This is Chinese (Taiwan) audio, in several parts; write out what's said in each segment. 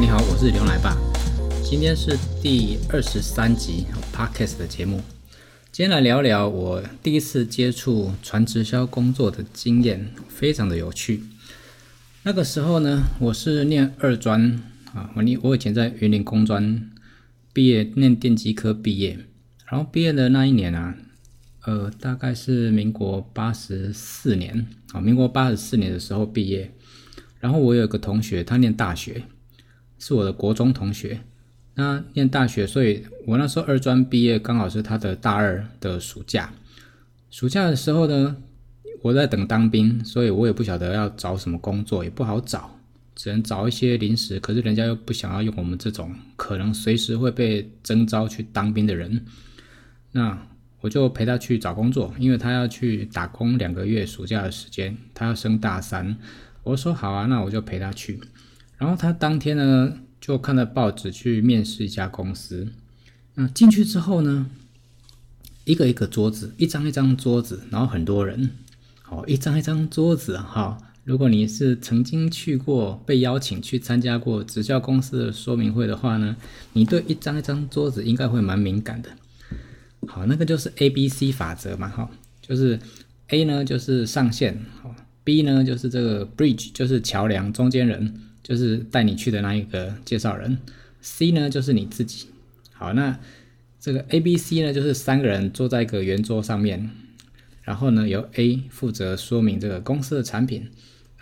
你好，我是劉奶爸。今天是第二十三集 Podcast 的節目。今天來聊聊我第一次接觸傳直銷工作的經驗，非常的有趣。那個時候呢，我是念二專啊，我我以前在雲林工專畢業，念電機科畢業。然後畢業的那一年啊，呃，大概是民國八十四年啊，民國八十四年的時候畢業。然後我有一個同學，他念大學，是我的國中同學，他念大學，所以我那時候二專畢業，剛好是他的大二的暑假。暑假的時候呢，我在等當兵，所以我也不曉得要找什麼工作，也不好找，只能找一些臨時。可是人家又不想要用我們這種可能隨時會被徵召去當兵的人。那我就陪他去找工作，因為他要去打工兩個月暑假的時間，他要升大三。我說好啊，那我就陪他去。然後他當天呢，就看到報紙去面試一家公司。那進去之後呢，一個一個桌子，一張一張桌子，然後很多人。好，一張一張桌子哈、哦。如果你是曾經去過被邀請去參加過直銷公司的說明會的話呢，你對一張一張桌子應該會蠻敏感的。好，那個就是 A B C 法則嘛，哈、哦，就是 A 呢就是上線，好，B 呢就是這個 bridge，就是橋梁，中間人。就是帶你去的那一個介紹人，C 呢就是你自己。好，那這個 A、B、C 呢就是三個人坐在一個圓桌上面，然後呢由 A 負責說明這個公司的產品，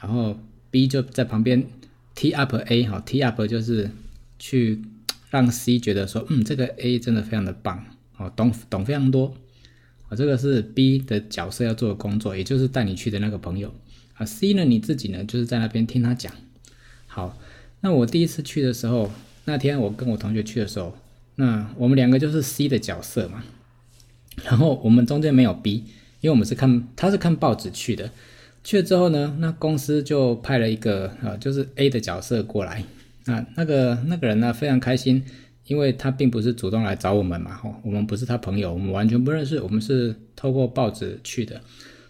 然後 B 就在旁邊 T up A，好，T up 就是去讓 C 覺得說，嗯，這個 A 真的非常的棒哦，懂懂非常多。啊，這個是 B 的角色要做的工作，也就是帶你去的那個朋友啊。C 呢你自己呢就是在那邊聽他講。好，那我第一次去的時候，那天我跟我同學去的時候，那我們兩個就是 C 的角色嘛，然後我們中間沒有 B，因為我們是看他是看報紙去的，去了之後呢，那公司就派了一個呃就是 A 的角色過來，那那個那個人呢非常開心，因為他並不是主動來找我們嘛，哦，我們不是他朋友，我們完全不認識，我們是透過報紙去的，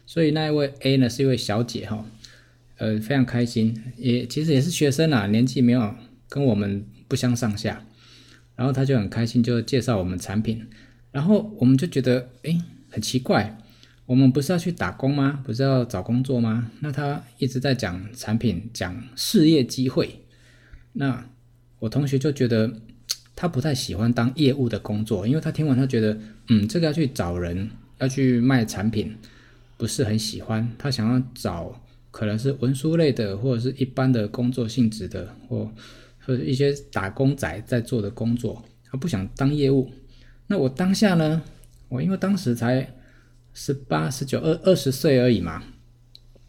所以那一位 A 呢是一位小姐哈，哦。呃，非常開心，也其實也是學生啦，年紀沒有跟我們不相上下。然後他就很開心，就介紹我們產品。然後我們就覺得，誒，很奇怪，我們不是要去打工嗎？不是要找工作嗎？那他一直在講產品，講事業機會。那我同學就覺得他不太喜歡當業務的工作，因為他聽完他覺得，嗯，這個要去找人，要去賣產品，不是很喜歡。他想要找。可能是文書類的，或者是一般的工作性質的，或或者一些打工仔在做的工作，他不想當業務。那我當下呢？我因為當時才十八、十九、二二十歲而已嘛。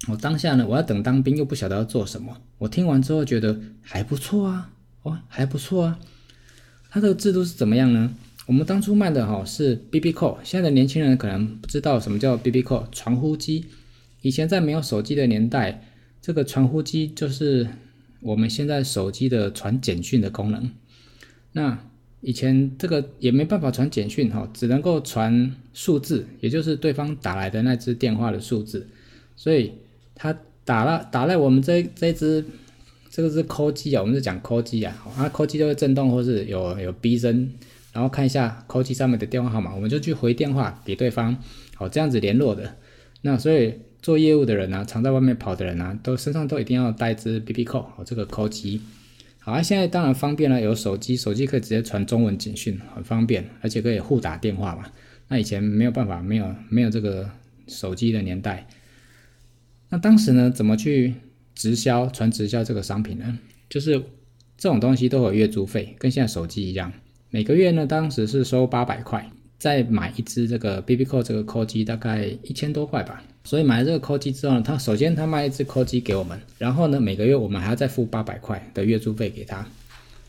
我當下呢，我要等當兵，又不曉得要做什麼。我聽完之後覺得還不錯啊，哦還不錯啊。它的制度是怎麼樣呢？我們當初賣的哈是 BB Call，現在的年輕人可能不知道什麼叫 BB Call，傳呼機。以前在沒有手機的年代，這個傳呼機就是我們現在手機的傳簡訊的功能。那以前這個也沒辦法傳簡訊哈，只能夠傳數字，也就是對方打來的那只電話的數字。所以他打了打在我們這這只，這個是 call 機啊，我們是講 call 機啊，好，啊，call 機就會震動或是有有逼聲，然後看一下 call 機上面的電話號碼，我們就去回電話給對方，哦，這樣子聯絡的。那所以。做業務的人啊，常在外面跑的人啊，都身上都一定要帶一支 BB Call 哦，這個 call 機。好啊，現在當然方便了，有手機，手機可以直接傳中文簡訊，很方便，而且可以互打電話嘛。那以前沒有辦法，沒有沒有這個手機的年代。那當時呢，怎麼去直銷、傳直銷這個商品呢？就是這種東西都有月租費，跟現在手機一樣，每個月呢，當時是收八百塊，再買一支這個 BB Call 這個 call 機，大概一千多塊吧。所以買了這個 call 機之後呢，他首先他賣一支 call 機給我們，然後呢，每個月我們還要再付八百塊的月租費給他。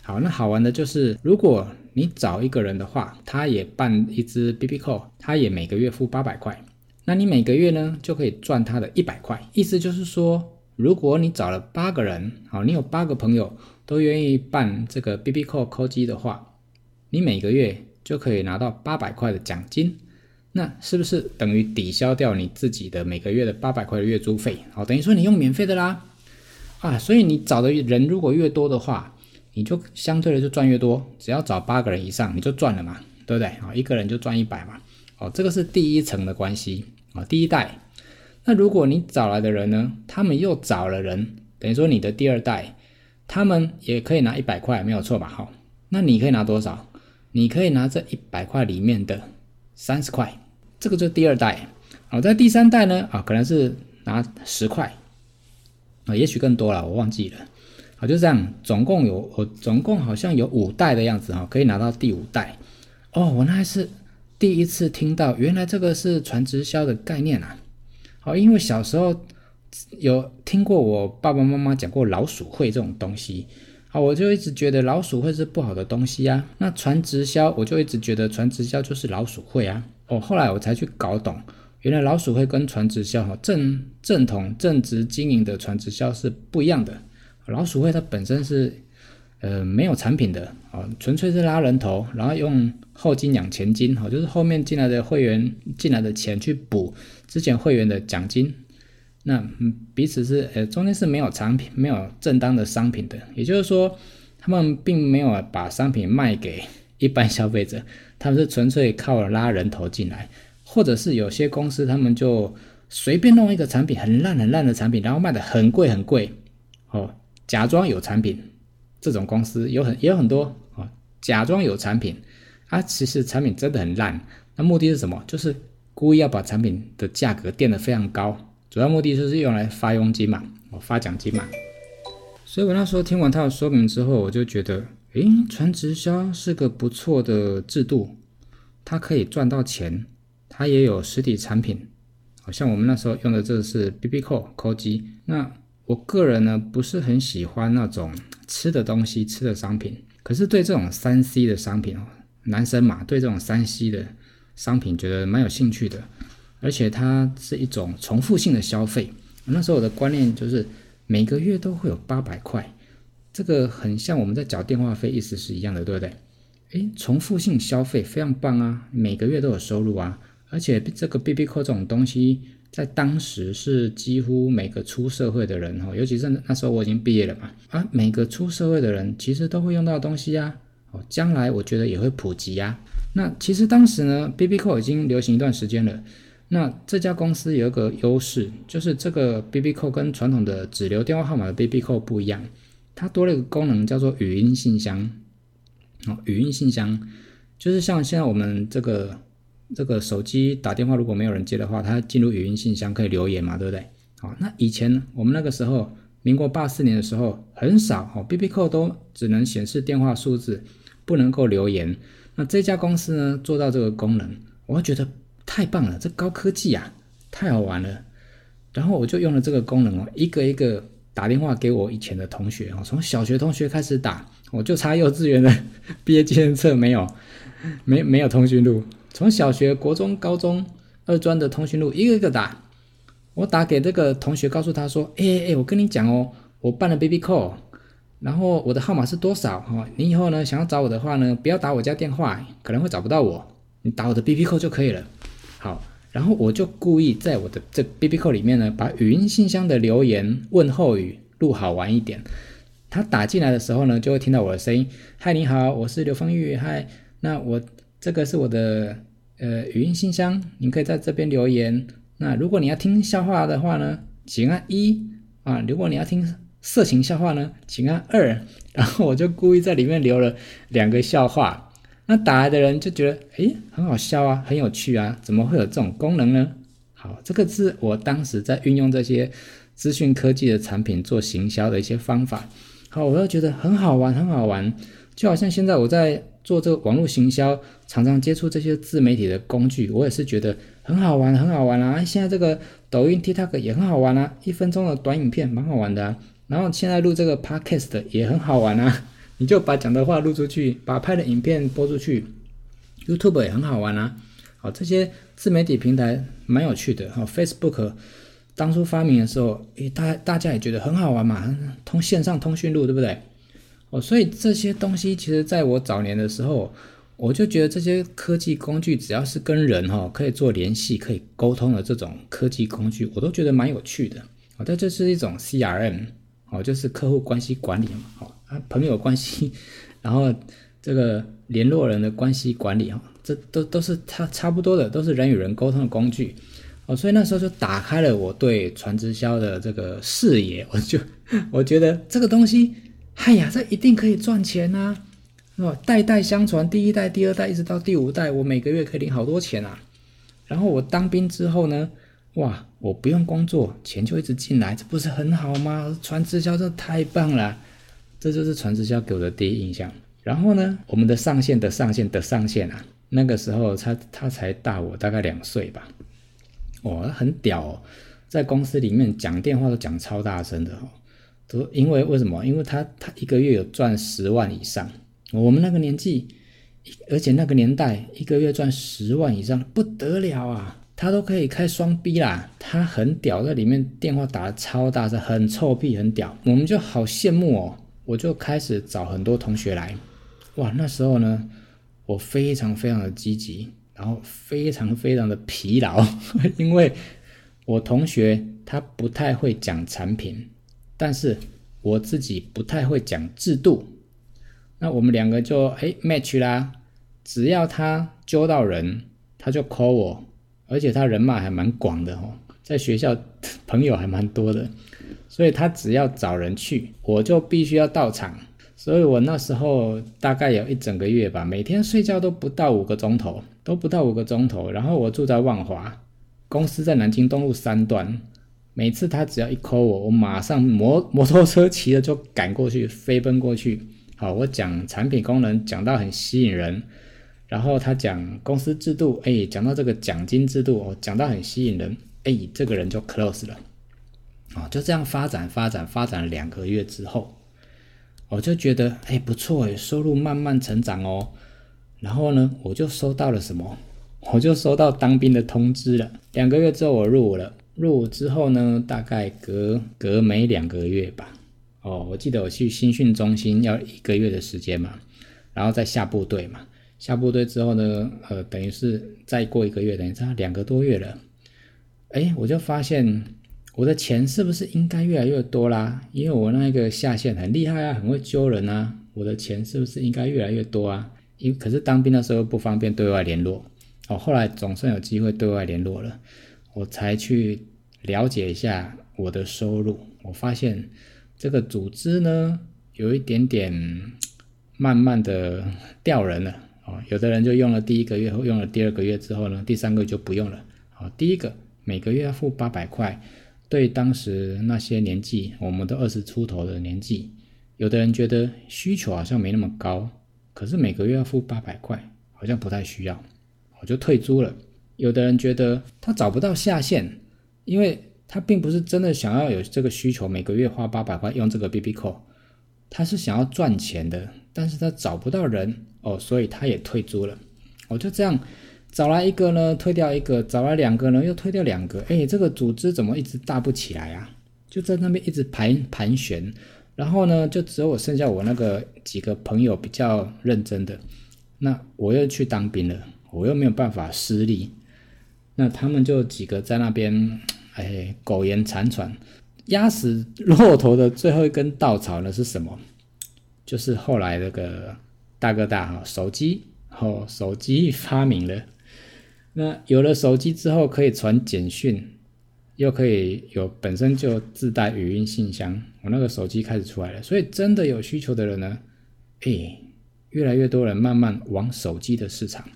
好，那好玩的就是，如果你找一個人的話，他也辦一支 B B call，他也每個月付八百塊，那你每個月呢就可以賺他的一百塊。意思就是說，如果你找了八個人，好，你有八個朋友都願意辦這個 B B call call 機的話，你每個月就可以拿到八百塊的獎金。那是不是等於抵消掉你自己的每個月的八百塊的月租費？哦，等於說你用免費的啦，啊，所以你找的人如果越多的話，你就相對的就賺越多。只要找八個人以上，你就賺了嘛，對不對？啊，哦，一個人就賺一百嘛，哦，這個是第一層的關係啊，哦，第一代。那如果你找來的人呢，他們又找了人，等於說你的第二代，他們也可以拿一百塊，沒有錯吧？好，哦，那你可以拿多少？你可以拿這一百塊裡面的。三十塊，這個就是第二代。好、哦，在第三代呢，啊、哦，可能是拿十塊，啊、哦，也許更多了，我忘記了。好、哦，就這樣，總共有、哦，總共好像有五代的樣子哈、哦，可以拿到第五代。哦，我那還是第一次聽到，原來這個是傳直銷的概念啊。好、哦，因為小時候有聽過我爸爸媽媽講過老鼠會這種東西。好，我就一直覺得老鼠會是不好的東西啊。那傳直銷，我就一直覺得傳直銷就是老鼠會啊。哦，後來我才去搞懂，原來老鼠會跟傳直銷，哈，正正統正直經營的傳直銷是不一樣的。老鼠會它本身是，呃，沒有產品的啊，哦，純粹是拉人頭，然後用後金養前金，哈，哦，就是後面進來的會員，進來的錢去補之前會員的獎金。那嗯，彼此是呃，中間是沒有產品，沒有正當的商品的。也就是說，他們並沒有把商品賣給一般消費者，他們是純粹靠拉人頭進來，或者是有些公司他們就隨便弄一個產品，很爛很爛的產品，然後賣得很貴很貴哦，假裝有產品。這種公司有很也有很多哦，假裝有產品，啊，其實產品真的很爛。那目的是什麼？就是故意要把產品的價格墊得非常高。主要目的就是用來發佣金嘛，我發獎金嘛。所以我那時候聽完他的說明之後，我就覺得，誒，傳直銷是個不錯的制度，它可以賺到錢，它也有實體產品，好像我們那時候用的這個是 BB Call、Call 機。那我個人呢不是很喜歡那種吃的東西，吃的商品，可是對這種三 C 的商品哦，男生嘛對這種三 C 的商品覺得蠻有興趣的。而且它是一種重複性的消費。那時候我的觀念就是每個月都會有八百塊，這個很像我們在繳電話費，意思是一樣的，對不對？誒，重複性消費非常棒啊，每個月都有收入啊。而且這個 BB 扣這種東西，在當時是幾乎每個出社會的人哈，尤其是那時候我已經畢業了嘛啊，每個出社會的人其實都會用到東西啊。哦，將來我覺得也會普及呀，啊。那其實當時呢，BB 扣已經流行一段時間了。那這家公司有一個優勢，就是這個 BB 扣跟傳統的只留電話號碼的 BB 扣不一樣，它多了一個功能，叫做語音信箱。哦，語音信箱就是像現在我們這個這個手機打電話，如果沒有人接的話，它進入語音信箱可以留言嘛，對不對？好，哦，那以前我們那個時候，民國八四年的時候，很少哦，BB 扣都只能顯示電話數字，不能夠留言。那這家公司呢，做到這個功能，我覺得。太棒了，這高科技啊，太好玩了。然後我就用了這個功能哦，一個一個打電話給我以前的同學哦，從小學同學開始打，我就差幼稚園的畢業紀念冊沒有，沒沒有通訊錄，從小學、國中、高中、二專的通訊錄一個一個打。我打給這個同學，告訴他說：“哎、欸、哎、欸、我跟你講哦，我辦了 BB Call，然後我的號碼是多少啊、哦？你以後呢想要找我的話呢，不要打我家電話，可能會找不到我，你打我的 BB Call 就可以了。”好，然後我就故意在我的這 BB call 裡面呢，把語音信箱的留言問候語錄好玩一點。他打進來的時候呢，就會聽到我的聲音。嗨，你好，我是劉芳玉。嗨，那我這個是我的呃語音信箱，你可以在這邊留言。那如果你要聽笑話的話呢，請按、啊、一啊；如果你要聽色情笑話呢，請按、啊、二。然後我就故意在裡面留了兩個笑話。那打來的人就覺得，哎，很好笑啊，很有趣啊，怎麼會有這種功能呢？好，這個字我當時在運用這些資訊科技的產品做行銷的一些方法，好，我又覺得很好玩，很好玩，就好像現在我在做這個網路行銷，常常接觸這些自媒體的工具，我也是覺得很好玩，很好玩啦、啊。現在這個抖音 TikTok 也很好玩啦、啊，一分鐘的短影片蠻好玩的啊。然後現在錄這個 Podcast 也很好玩啊。你就把講的話錄出去，把拍的影片播出去，YouTube 也很好玩啊。好、哦，這些自媒體平台蠻有趣的。好、哦，Facebook 當初發明的時候，誒，大大家也覺得很好玩嘛，通線上通訊錄，對不對？哦，所以這些東西其實在我早年的時候，我就覺得這些科技工具只要是跟人哈、哦，可以做聯繫、可以溝通的這種科技工具，我都覺得蠻有趣的。好、哦，但這就是一種 CRM。哦，就是客戶關係管理嘛，哦，啊，朋友關係，然後這個聯絡人的關係管理啊，哦，這都都是差差不多的，都是人與人溝通的工具，哦，所以那時候就打開了我對傳直銷的這個視野，我就我覺得這個東西，哎呀，這一定可以賺錢啊，哦，代代相傳，第一代、第二代一直到第五代，我每個月可以領好多錢啊，然後我當兵之後呢？哇！我不用工作，錢就一直進來，這不是很好嗎？傳直銷這太棒了，這就是傳直銷給我的第一印象。然後呢，我們的上線的上線的上線啊，那個時候他他才大我大概兩歲吧，我很屌哦，在公司裡面講電話都講超大聲的哦。都因為為什麼？因為他他一個月有賺十萬以上，我們那個年紀，而且那個年代一個月賺十萬以上不得了啊。他都可以開雙 B 啦，他很屌，在裡面電話打得超大聲，很臭屁，很屌，我們就好羨慕哦。我就開始找很多同學來，哇，那時候呢，我非常非常的積極，然後非常非常的疲勞，因為我同學他不太會講產品，但是我自己不太會講制度，那我們兩個就嘿、哎、match 啦，只要他揪到人，他就 call 我。而且他人脈還蠻廣的，在學校朋友還蠻多的，所以他只要找人去，我就必須要到場。所以我那時候大概有一整個月吧，每天睡覺都不到五個鐘頭，都不到五個鐘頭。然後我住在萬華，公司在南京東路三段。每次他只要一 call 我，我馬上摩摩托車騎着就趕過去，飛奔過去。好，我講產品功能，講到很吸引人。然後他講公司制度，哎，講到這個獎金制度，哦，講到很吸引人，哎，這個人就 close 了，啊、哦，就這樣發展發展發展了兩個月之後，我就覺得，哎，不錯，哎，收入慢慢成長哦。然後呢，我就收到了什麼？我就收到當兵的通知了。兩個月之後，我入伍了。入伍之後呢，大概隔隔沒兩個月吧，哦，我記得我去新訓中心要一個月的時間嘛，然後再下部隊嘛。下部隊之後呢，呃，等於是再過一個月，等於差兩個多月了。哎、欸，我就發現我的錢是不是應該越來越多啦、啊？因為我那一個下線很厲害啊，很會揪人啊。我的錢是不是應該越來越多啊？因為可是當兵的時候不方便對外聯絡。哦，後來總算有機會對外聯絡了，我才去了解一下我的收入。我發現這個組織呢，有一點點慢慢的掉人了。有的人就用了第一個月後，用了第二個月之後呢，第三個月就不用了。啊，第一個每個月要付八百塊，對當時那些年紀，我們都二十出頭的年紀，有的人覺得需求好像沒那麼高，可是每個月要付八百塊，好像不太需要，我就退租了。有的人覺得他找不到下線，因為他並不是真的想要有這個需求，每個月花八百塊用這個 BB Call，他是想要賺錢的。但是他找不到人哦，所以他也退租了。我就這樣找來一個呢，退掉一個；找來兩個呢，又退掉兩個。哎，這個組織怎麼一直大不起來啊？就在那邊一直盤盤旋。然後呢，就只有剩下我那個幾個朋友比較認真的。那我又去當兵了，我又沒有辦法施力。那他們就幾個在那邊，哎，苟延殘喘。壓死駱駝的最後一根稻草呢是什麼？就是後來那個大哥大手機，手機發明了，那有了手機之後，可以傳簡訊，又可以有本身就自帶語音信箱，我那個手機開始出來了，所以真的有需求的人呢，哎，越來越多人慢慢往手機的市場，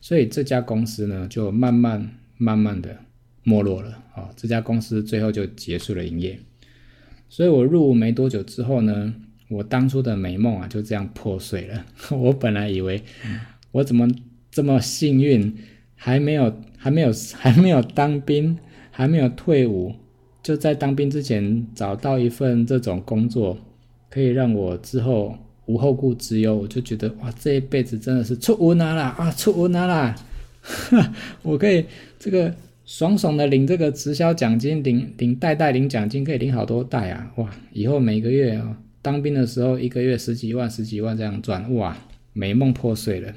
所以這家公司呢就慢慢慢慢的沒落了，這家公司最後就結束了營業，所以我入伍沒多久之後呢。我當初的美夢啊，就這樣破碎了。 我本來以為，我怎麼這麼幸運，還沒有還沒有還沒有當兵，還沒有退伍，就在當兵之前找到一份這種工作，可以讓我之後無後顧之憂。我就覺得哇，這一輩子真的是出運了啦啊，出運了啦！ 我可以這個爽爽的領這個直銷獎金，領領代代領獎金，可以領好多代啊！哇，以後每個月哦、啊當兵的時候，一個月十幾萬、十幾萬這樣賺，哇，美夢破碎了。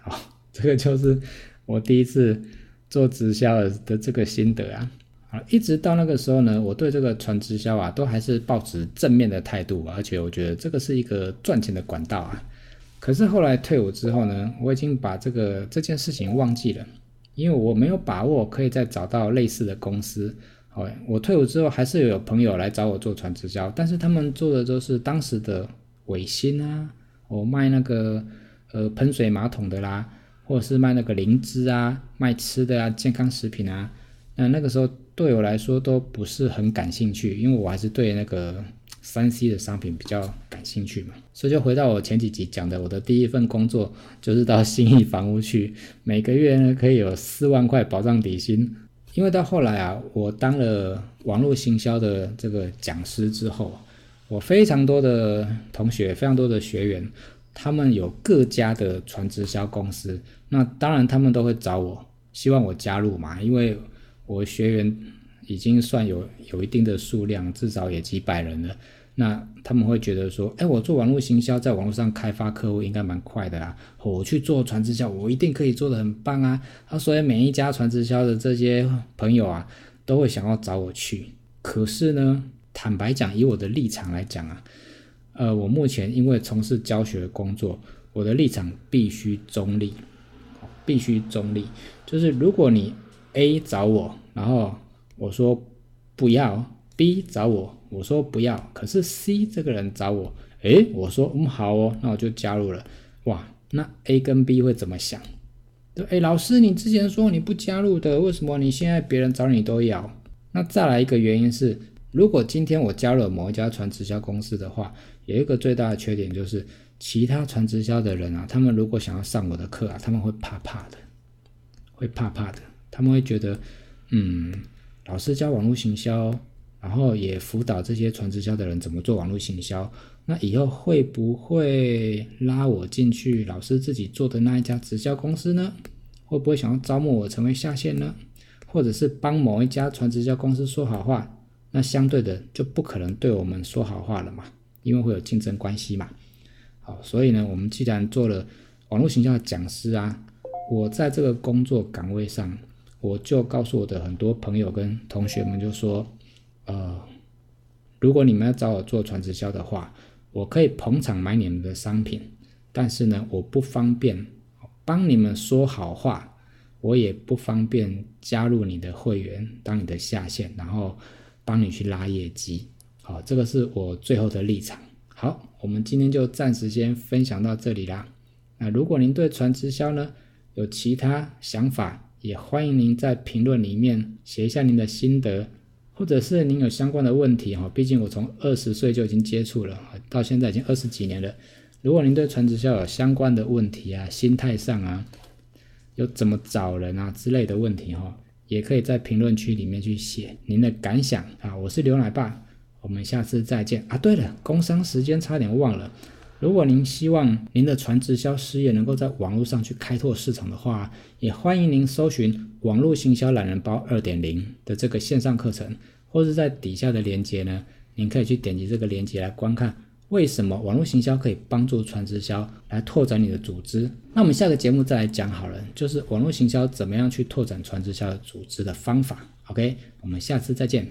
好，這個就是我第一次做直銷的這個心得啊。啊，一直到那個時候呢，我對這個傳直銷啊，都還是抱持正面的態度，而且我覺得這個是一個賺錢的管道啊。可是後來退伍之後呢，我已經把這個這件事情忘記了，因為我沒有把握可以再找到類似的公司。我退伍之後，還是有朋友來找我做傳直銷，但是他們做的都是當時的尾薪啊，我賣那個呃噴水馬桶的啦，或者是賣那個靈芝啊，賣吃的啊，健康食品啊。那那個時候對我來說都不是很感興趣，因為我還是對那個三 C 的商品比較感興趣嘛。所以就回到我前幾集講的，我的第一份工作就是到信義房屋去，每個月呢可以有四萬塊保障底薪。因為到後來啊，我當了網絡行銷的這個講師之後，我非常多的同學、非常多的學員，他們有各家的傳直銷公司，那當然他們都會找我，希望我加入嘛，因為我學員已經算有有一定的數量，至少也幾百人了。那他們會覺得說，哎，我做網絡行銷，在網絡上開發客戶應該蠻快的啦，啊。我去做傳直銷，我一定可以做得很棒啊。啊，所以每一家傳直銷的這些朋友啊，都會想要找我去。可是呢，坦白講，以我的立場來講啊，呃，我目前因為從事教學工作，我的立場必須中立，必須中立。就是如果你 A 找我，然後我說不要。B 找我，我說不要。可是 C 這個人找我，誒，我說嗯好哦，那我就加入了。哇，那 A 跟 B 會怎麼想？對，誒，老師，你之前說你不加入的，為什麼你現在別人找你都要？那再來一個原因是，如果今天我加入了某一家傳直銷公司的話，有一個最大的缺點就是，其他傳直銷的人啊，他們如果想要上我的課啊，他們會怕怕的，會怕怕的，他們會覺得，嗯，老師教網絡行銷哦。然後也輔導這些傳直銷的人怎麼做網絡行銷。那以後會不會拉我進去老師自己做的那一家直銷公司呢？會不會想要招募我成為下線呢？或者是幫某一家傳直銷公司說好話？那相對的就不可能對我們說好話了嘛，因為會有競爭關係嘛。好，所以呢，我們既然做了網絡行銷的講師啊，我在這個工作崗位上，我就告訴我的很多朋友跟同學們就說。呃，如果你們要找我做傳直銷的話，我可以捧場買你們的商品，但是呢，我不方便幫你們說好話，我也不方便加入你的會員，當你的下線，然後幫你去拉業績。好、哦，這個是我最後的立場。好，我們今天就暫時先分享到這裡啦。那如果您對傳直銷呢，有其他想法，也歡迎您在評論裡面寫一下您的心得。或者是您有相關的問題哈，畢竟我從二十歲就已經接觸了，到現在已經二十幾年了。如果您對傳直銷有相關的問題啊，心態上啊，有怎麼找人啊之類的問題哈，也可以在評論區裡面去寫您的感想啊。我是劉奶爸，我們下次再見啊。對了，工商時間差點忘了。如果您希望您的傳直銷事業能夠在網路上去開拓市場的話，也歡迎您搜尋“網路行銷懶人包 2.0” 的這個線上課程，或是在底下的連接呢，您可以去點擊這個連接來觀看為什麼網路行銷可以幫助傳直銷來拓展你的組織。那我們下個節目再來講好了，就是網路行銷怎麼樣去拓展傳直銷的組織的方法。OK，我們下次再見。